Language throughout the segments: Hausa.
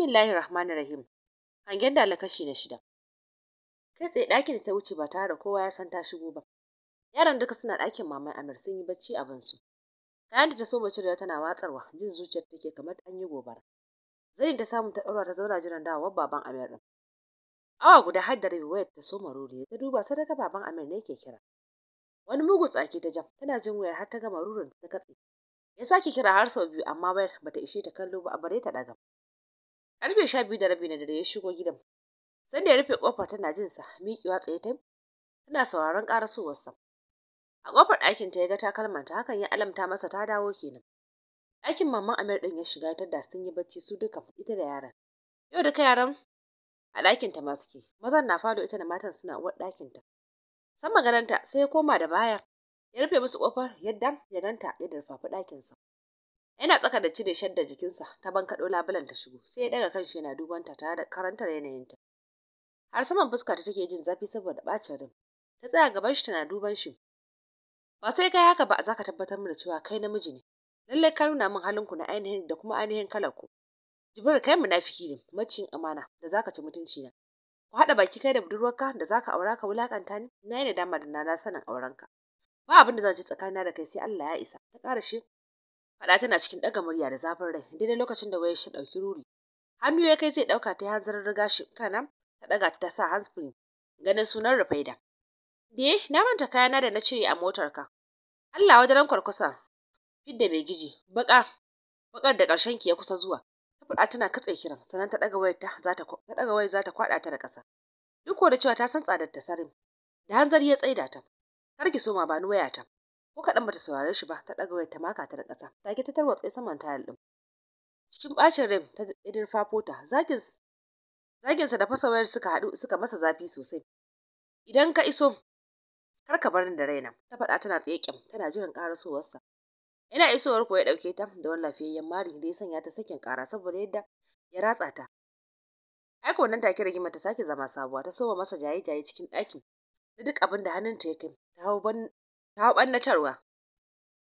Bismillahir Rahmanir Rahim. Hangen dala kashi na shida. Kai tsaye ɗakin da ta wuce ba tare da kowa ya san ta shigo ba. Yaran duka suna ɗakin maman Amir sun yi bacci a bansu. Kayan da ta so bacci da tana watsarwa jin zuciyar take kamar an yi gobara. zai ta samu ta ɗaura ta zauna jiran dawowar baban Amir ɗin. Awa guda har da rabi wayar ta so maruri ta duba sai baban Amir ne yake kira. Wani mugu tsaki ta jam tana jin wayar har ta gama rurin ta katse. Ya sake kira har sau biyu amma wayar bata ishe ta kallo ba a bare ta ɗaga. karfe sha biyu da rabi na dare ya shigo gidan sai da ya rufe kofar tana jin sa miƙewa tsaye ta tana sauraron ƙarasowarsa a kofar ɗakin ta ya ga takalmanta hakan ya alamta masa ta dawo kenan ɗakin Mamman Amir ɗin ya shiga ta da sun yi bacci su duka ita da yaran yau duka yaran a ɗakin ta masu ke mazan na fado ita da matan suna uwar ɗakin ta san magananta sai ya koma da baya ya rufe musu kofar yadda ya ganta ya darfafi ɗakin sa Yana tsaka da cire shadda jikinsa ta bankaɗo labulan ta shigo, sai ya ɗaga kanshi yana duban ta tare da karantar yanayinta. Har saman fuska ta take jin zafi saboda ɓacin rin. Ta tsaya gaban shi tana duban shi. Ba sai kai haka ba za ka tabbatar da cewa kai namiji ne. Lallai ka nuna min halin ku na ainihin da kuma ainihin kalar ku. Jibril kai munafiki ne, macin amana da za ka ci mutunci na. Ku haɗa baki kai da budurwarka da za ka aura ka wulakanta ni, na yi nadama da na sanin aurenka. Ba abin da zan ci tsakanina da kai sai Allah ya isa. Ta ƙara shi faɗa tana cikin ɗaga murya da zafin rai daidai lokacin da wayar ta ɗauki ruri hannu ya kai zai ɗauka ta hanzar riga shi kana ta ɗaga ta sa handsfree ganin sunan rufaida de na manta kayana da na cire a motarka Allah wa daren kwarkwasa fidda mai giji baka bakar da ƙarshen ki ya kusa zuwa ta faɗa tana katse kiran sannan ta ɗaga wayar ta za ta ɗaga wayar za ta ta da ƙasa duk da cewa ta san tsadar ta sarin da hanzari ya tsaida ta kar ki soma ma bani wayata ko kaɗan bata saurare shi ba ta ɗaga wayar ta maka ta da ƙasa take ta tarwatsa saman tayal ɗin cikin ɓacin rai ta dirfa fota zakin zaginsa da fasa wayar suka haɗu suka masa zafi sosai idan ka iso kar ka bar ni da raina ta faɗa tana tsaye kyam tana jiran sa ina isowar ko ya ɗauke ta da wani lafiyayyen mari da ya sanya ta sakin ƙara saboda yadda ya ratsa ta aiko nan take rigima ta sake zama sabuwa ta soba masa jaye-jaye cikin ɗakin da duk abin da hannunta ya kai ta hau ban ta ɓannatarwa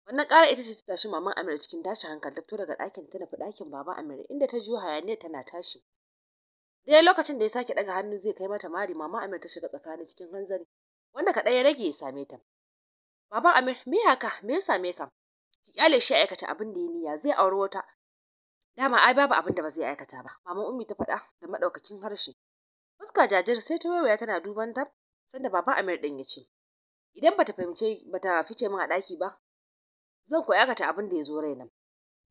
wannan ƙara ita ce ta tashi maman Amir cikin tashin hankali ta daga ɗakin ta nufi ɗakin baba Amir inda ta jiyo hayaniyar tana tashi dai lokacin da ya sake ɗaga hannu zai kai mata mari mama Amir ta shiga tsakani cikin hanzari wanda kaɗai ya rage ya same ta baba Amir me haka me ya same ka ki kyale shi aikata abin da ya niyya zai auri wata dama ai babu abin da ba zai aikata ba maman ummi ta faɗa da maɗaukakin harshe fuska jajir sai ta waiwaya tana duban ta sanda baba Amir ɗin ya ce idan bata fahimce bata fice min a ɗaki ba zan koyi ta abin da ya zo raina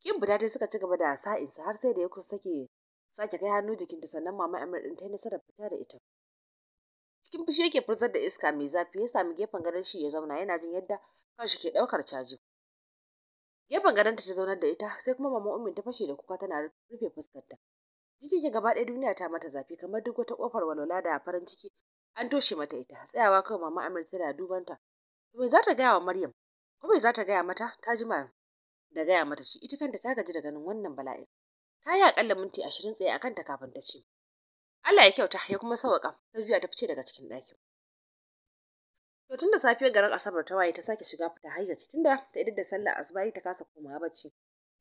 kin fita dai suka ci gaba da sa'insa har sai da ya kusa sake sake kai hannu jikin ta sannan mama Amir din ta yi nasarar fita da ita cikin fushi yake furzar da iska mai zafi ya sami gefen gadon shi ya zauna yana jin yadda kanshi ke ɗaukar caji gefen gadon ta ta zaunar da ita sai kuma mama ummin ta fashe da kuka tana rufe fuskarta jiki gaba ɗaya duniya ta mata zafi kamar duk wata kofar walwala da farin ciki an toshe mata ita tsayawa kawai mama Amir tana duban ta to me za ta gaya wa Maryam ko me za ta gaya mata ta jima da gaya mata shi ita kanta ta gaji da ganin wannan bala'in ta yi akalla minti ashirin tsaye a ta kafin ta ce Allah ya kyauta ya kuma sawaka ta juya ta fice daga cikin ɗakin to tun da safiyar garin asabar ta waye ta sake shiga fita hayyaci tunda ta idar da sallar asuba ta kasa komawa bacci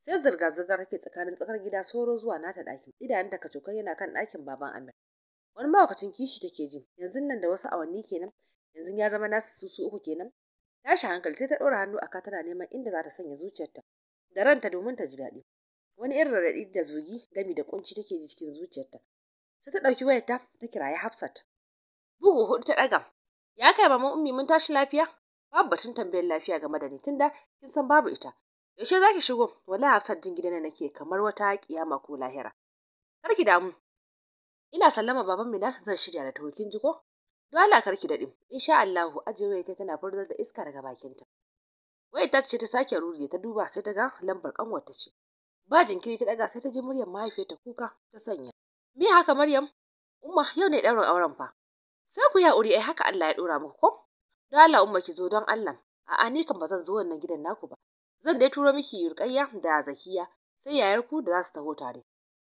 sai zirga-zirgar take tsakanin tsakar gida soro zuwa nata ɗakin idanun ta kacokan yana kan ɗakin baban Amir wani mahaukacin kishi take ji yanzu nan da wasu awanni kenan yanzu ya zama nasu su su uku kenan tashi hankali sai ta ɗora hannu a tana neman inda za ta sanya zuciyarta da ranta domin ta ji daɗi wani irin raɗaɗi da zugi gami da kunci take ji cikin zuciyarta sai ta ɗauki wayarta ta kirayi Hafsat bugu hudu ta ɗaga ya kai mama ummi mun tashi lafiya babu batun tambayar lafiya game da ni tunda kin san babu ita yaushe zaki shigo wallahi Hafsat din gidan nake kamar wata kiyama ko lahira kar ki damu ina sallama baban mina zan shirya da tawo jiko ji ko dole karki dadi insha Allahu ajewa ta tana furdar da iska daga bakinta wai ta ce ta sake rure ta duba sai ta ga lambar kanwar ta ce ba jinkiri ta daga sai ta ji muryar mahaifiyarta kuka ta sanya me haka Maryam umma yau ne ɗaurin auren fa sai ku yauri ai haka Allah ya dora muku ko dole umma ki zo don Allah a'a ni kan ba zan zo wannan gidan naku ba zan dai turo miki yurkayya da zakiya sai yayar ku da za su taho tare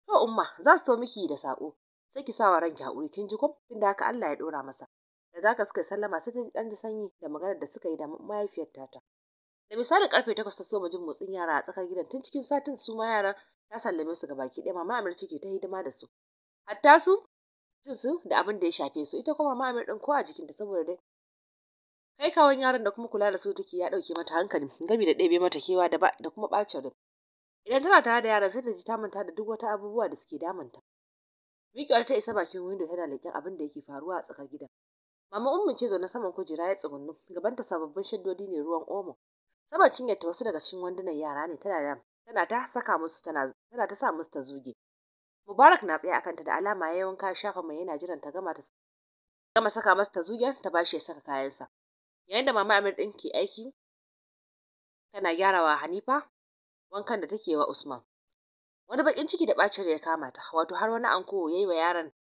to umma za su to miki da sako sai ki sawa ranki haƙuri kin ji ko tunda haka Allah ya ɗora masa da zaka suka sallama sai ta ji ɗan sanyi da maganar da suka yi da mahaifiyar tata da misalin karfe takwas ta soma jin motsin yara a tsakar gidan tun cikin satin su ma yara ta sallame su gabaki ɗaya mama Amir ke ta hidima da su hatta su jin su da abin da ya shafe su ita kuma mama Amir din ko a jikinta saboda dai kai kawon yaran da kuma kula da su take ya ɗauke mata hankali gami da ɗebe mata kewa da kuma ɓacin rai idan tana tare da yaran sai ta ji ta manta da duk wata abubuwa da suke damunta mikiyar ta isa bakin windo tana leƙen abin da yake faruwa a tsakar gidan. Mama Ummu ce zaune saman kujera ya tsugunnu, gabanta sababbin shaddodi ne ruwan omo. Saman ta wasu daga cikin wandunan yara ne tana da tana ta saka musu tana tana ta sa musu ta zuge. Mubarak na tsaye akan ta da alama ya wanka shafa mai yana jiran ta gama ta gama saka masa ta zuge ta bashi ya saka kayansa. Yayin da Mama Amir ɗin ke aiki tana gyarawa Hanifa wankan da take wa Usman. wani bakin ciki da bacin ya kama ta wato har wani anko ya yi wa yaron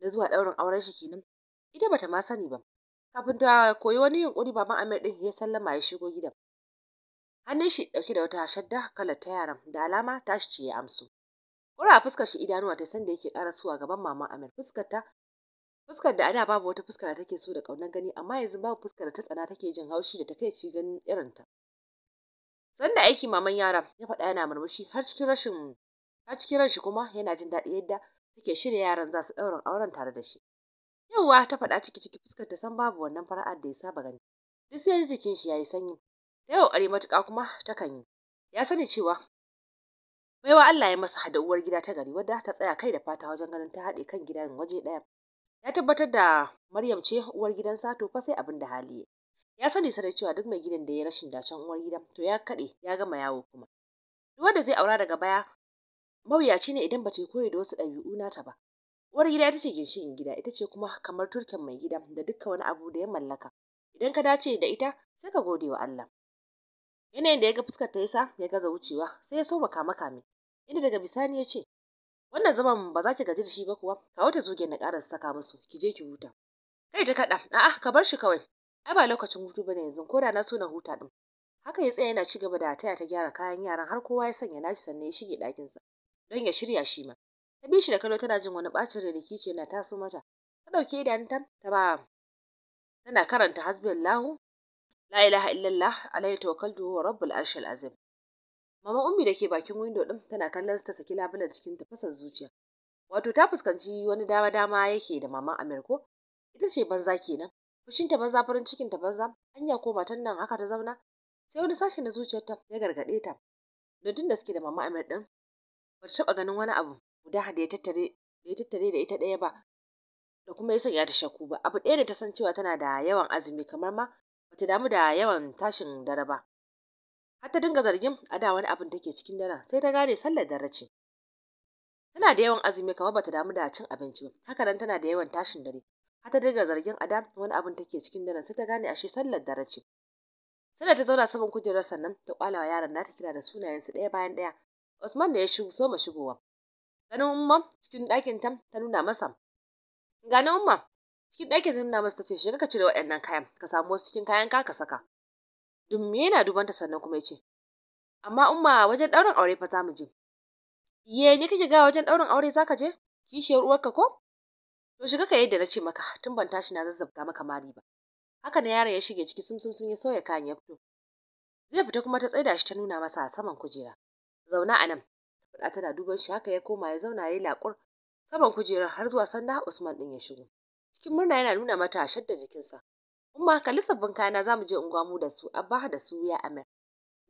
na zuwa daurin auren shi kenan ita bata ma sani ba kafin ta koyi wani yunkuri baban Amir din ya sallama ya shigo gidan hannun shi dauke da wata shadda kalar ta yaran da alama tashi ce ya amsu kura a fuskar shi idanuwa ta sanda yake kara suwa gaban mama Amir fuskar ta fuskar da ada babu wata fuskar da take so da kaunar gani amma yanzu babu fuskar da ta tsana take jin haushi da gani ganin ta. sanda aiki maman yaran ya faɗa yana murmushi har cikin rashin har cikin ranshi kuma yana jin daɗi yadda take shirya yaran za su ɗaurin auren tare da shi yauwa ta faɗa ciki ciki fuskar ta san babu wannan fara'ar da ya saba gani duk sai jikin shi yayi sanyi Ta yau are matuƙa kuma takan yi ya sani cewa baiwa Allah ya masa hada uwar gida ta gari wadda ta tsaya kai da fata wajen ganin ta haɗe kan gidan waje ɗaya ya tabbatar da Maryam ce uwar gidansa to fa sai abin da hali ya Ya sani sarai cewa duk mai gidan da ya rashin dacen uwar gida to ya kaɗe ya gama yawo kuma duk wanda zai aura daga baya mawuyaci ne idan ba ta koyi da wasu ɗabi'u nata ba uwar gida ita ce ginshiƙin gida ita ce kuma kamar turken mai gida da dukka wani abu da ya mallaka idan ka dace da ita sai ka gode wa Allah yanayin da ya ga fuskar ta yasa ya gaza wucewa sai ya so makame kame inda daga bisani ya ce wannan zaman ba za ki gaji da shi ba kuwa kawo ta zuge na ƙara saka musu ki je ki huta kai ta kaɗa a'a ka bar shi kawai ai ba lokacin hutu ba ne yanzu ko da na so na huta ɗin. haka ya tsaya yana ci gaba da taya ta gyara kayan yaran har kowa ya sanya nashi sannan ya shige ɗakinsa don ya shirya shi ma ta bi shi da kallo tana jin wani bacin rai da kice na taso mata ta dauke idanunta ta ba tana karanta hasbiyallahu la ilaha illallah alaihi tawakkaltu wa rabbul arshil azim mama ummi da ke bakin windo din tana kallon ta saki labulan cikin ta fasar zuciya wato ta fuskanci wani dama dama yake da mama ko. ita ce banza kenan fushin ta banza farin cikin ta banza hanya ko matan nan haka ta zauna sai wani sashi na zuciyarta ya gargaɗe ta dodin da suke da mama amir din ba ta taɓa ganin wani abu guda da ya tattare da ya tattare da ita ɗaya ba da kuma ya sanya ta shakku ba abu ɗaya da ta san cewa tana da yawan azumi kamar ma bata damu da yawan tashin dare ba har ta dinga zargin a da wani abin take cikin dare sai ta gane sallar dare ce tana da yawan azumi kamar bata damu da cin abinci ba haka nan tana da yawan tashin dare har ta dinga zargin a da wani abin take cikin dare sai ta gane ashe sallar dare ce sai da ta zauna saman kujerar sannan ta kwalawa yaron ta kira da sunayensu ɗaya bayan ɗaya Usman da ya shigo soma shigowa. Ganin Umma cikin ɗakin ta ta nuna masa. Ganin Umma cikin ɗakin ta nuna masa ta ce shiga ka cire waɗannan kayan ka samu wasu cikin kayan ka ka saka. Dumme yana duban ta sannan kuma ya ce amma Umma wajen ɗaurin aure fa za mu je. Ye ni kake ga wajen ɗaurin aure za ka je? Kishiyar uwarka ko? To shiga ka yadda na ce maka tun ban tashi na zazzabga maka mari ba. Haka na yaron ya shige ciki sun ya sauya kayan ya fito. Zai fita kuma ta tsaida shi ta nuna masa a saman kujera. zauna a nan faɗa tana duban shi haka ya koma ya zauna ya yi laƙur saman kujerar har zuwa sanda Usman ɗin ya shigo cikin murna yana nuna mata shadda jikinsa umma kalli sabbin kayana za mu je unguwa mu da su abba da su ya amir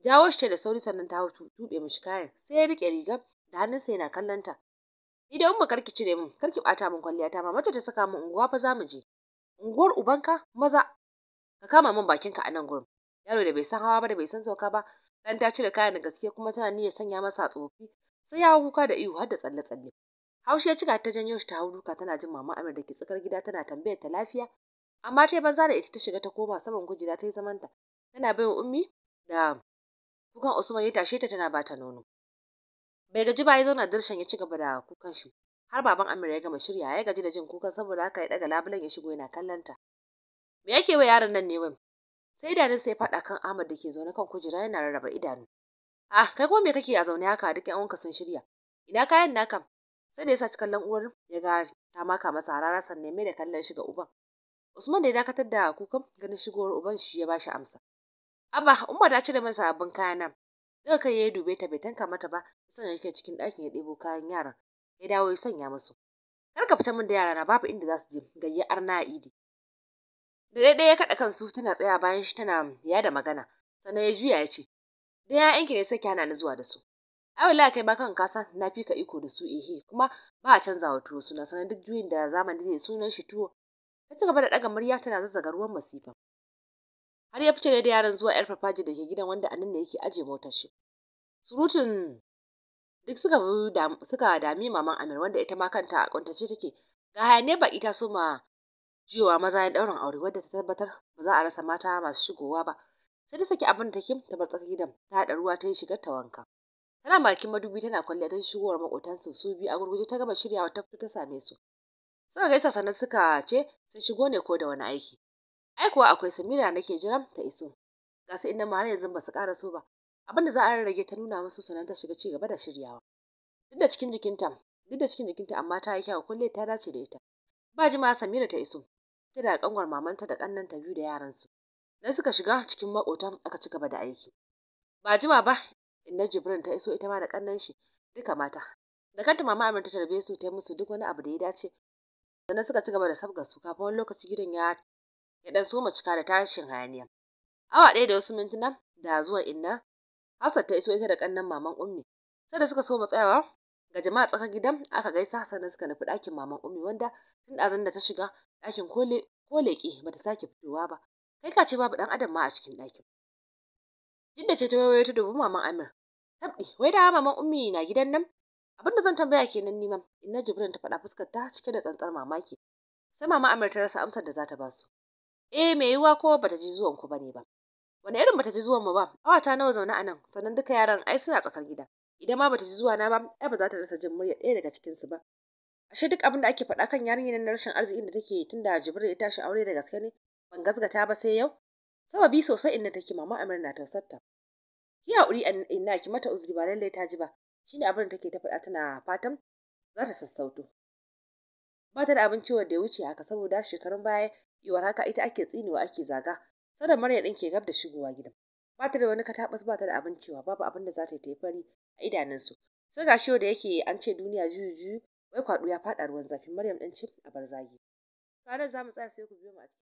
jawo shi da sauri sannan ta hutu tuɓe mishi kayan sai ya rike rigar da hannunsa yana kallon ta ni da umma karki cire min karki ɓata min kwalliya ta Mata ta saka min unguwa fa za mu je unguwar ubanka maza ka kama min bakinka a nan gurin yaro da bai san hawa ba da bai san sauka ba dan ta cire kayan da gaske kuma tana niyyar sanya masa tsofi sai ya hau kuka da ihu har da tsalle tsalle haushi ya cika ta janyo shi ta hau duka tana jin mama Amir da ke tsakar gida tana tambayar ta lafiya amma ta banza da ita ta shiga ta koma saman kujera ta yi zamanta tana baiwa ummi da kukan Usman ya tashe ta tana ba ta nono bai gaji ba ya zauna darshan ya ci gaba da kukan shi har baban Amir ya gama shirya ya gaji da jin kukan saboda haka ya daga labulen ya shigo yana kallon ta me yake wa yaron nan ne wai sai idanun sai faɗa kan Ahmad da ke zaune kan kujera yana rarraba idanu ah kai kuma me kake a zaune haka duk ƴan sun shirya ina kayan naka sai da ya saci kallon uwar ya ga ta maka masa harara sannan mai da kallon shi ga uban Usman da ya dakatar da kukan ganin shigowar uban shi ya bashi amsa Abba Umar ta cire masa abin kayan nan daga kai ya dube ta bai tanka mata ba sun yake cikin ɗakin ya ɗebo kayan yaran ya dawo ya sanya musu kar ka fita min da yara na babu inda za su je gayya arna idi da daidai ya kaɗa kansu tana tsaya bayan shi tana ya da magana sannan ya juya ya ce da ya'yanki ne sai hana ni zuwa da su ai wallahi kai ba kan kasa na fi ka iko da su ehe eh, kuma ba a canza wa tuwo suna sannan duk juyin da zamani ne sunan shi tuwo ta ci gaba da ɗaga murya tana zazzaga ruwan masifa har ya fice da yaran zuwa yar farfaji da ke gidan wanda nan ne yake ajiye motar shi surutun duk suka suka dami maman Amir wanda ita ma kanta a kuntace take ga ne baki ta so ma jiyowa maza ya ɗaurin aure wadda ta tabbatar ba za a rasa mata masu shigowa ba sai ta saki abin da take ta bar tsakar gidan ta haɗa ruwa ta yi shigar ta wanka tana bakin madubi tana kwalliya ta shigowar makotansu su biyu a gurguje ta gama shiryawa ta fito ta same su suka gaisa sannan suka ce sun shigo ne ko da wani aiki ai akwai samira nake jiran ta iso ga su inda har yanzu ba su ƙara so ba abin da za a rarrage ta nuna musu sannan ta shiga cigaba da shiryawa duk da cikin jikinta duk da cikin jikinta amma ta yi kyau kulle ta dace da ita ba jima samira ta iso kira kanwar mamanta da kannanta biyu da yaransu nan suka shiga cikin maƙotan aka ci gaba da aiki ba jima ba inna jibrin ta iso ita ma da kannan shi duka mata da kanta mama Amir ta tarbe su ta yi musu duk wani abu da ya dace sannan suka ci gaba da sabga su kafin wani lokaci gidan ya ya dan soma cika da tashin hayaniya awa ɗaya da wasu mintuna da zuwa inna Hafsat ta iso ita da kannan maman ummi sai da suka soma tsayawa ga jama'a tsaka gidan aka gaisa sannan suka nufi ɗakin maman umi, wanda tun ɗazun da ta shiga ɗakin kole kole ki bata sake fitowa ba kai ka ce babu ɗan adam ma a cikin ɗakin jidda ce ta wayo ta dubi maman amir tabbi wai da maman umi na gidan nan abin da zan tambaya kenan neman in inna jibrin ta faɗa fuskar ta cike da tsantsar mamaki sai mama amir ta rasa amsar da za ta ba su eh me yiwa ko bata ji zuwan ku bane ba wani irin bata ji zuwan mu ba awata nawa zaune a nan sannan duka yaran ai suna tsakar gida idan ma bata ji zuwa na ba ai ba za ta rasa jin murya ɗaya daga cikin su ba ashe duk abin da ake faɗa kan yarinyar na rashin arzikin da take tunda Jibril ya tashi aure da gaske ne ban gazgata ba sai yau sababi sosai inda take mama Amir na tausarta ki haƙuri inna ki mata uzuri ba lallai ta ji ba shine abin da take ta faɗa tana fatan za ta sassauto ba ta da abinci wanda ya wuce haka saboda shekarun baya iwar haka ita ake tsinewa ake zaga sadan Maryam ɗin ke gab da shigowa gidan ba ta da wani katabas ba ta da abin cewa babu abin da za ta yi ta yi fari a idanunsu sai ga da yake an ce duniya juyu juyu wai kwaɗo ya faɗa ruwan zafi maryam ɗin ce a barzagi ranar za mu tsaya sai ku biyo mu a cikin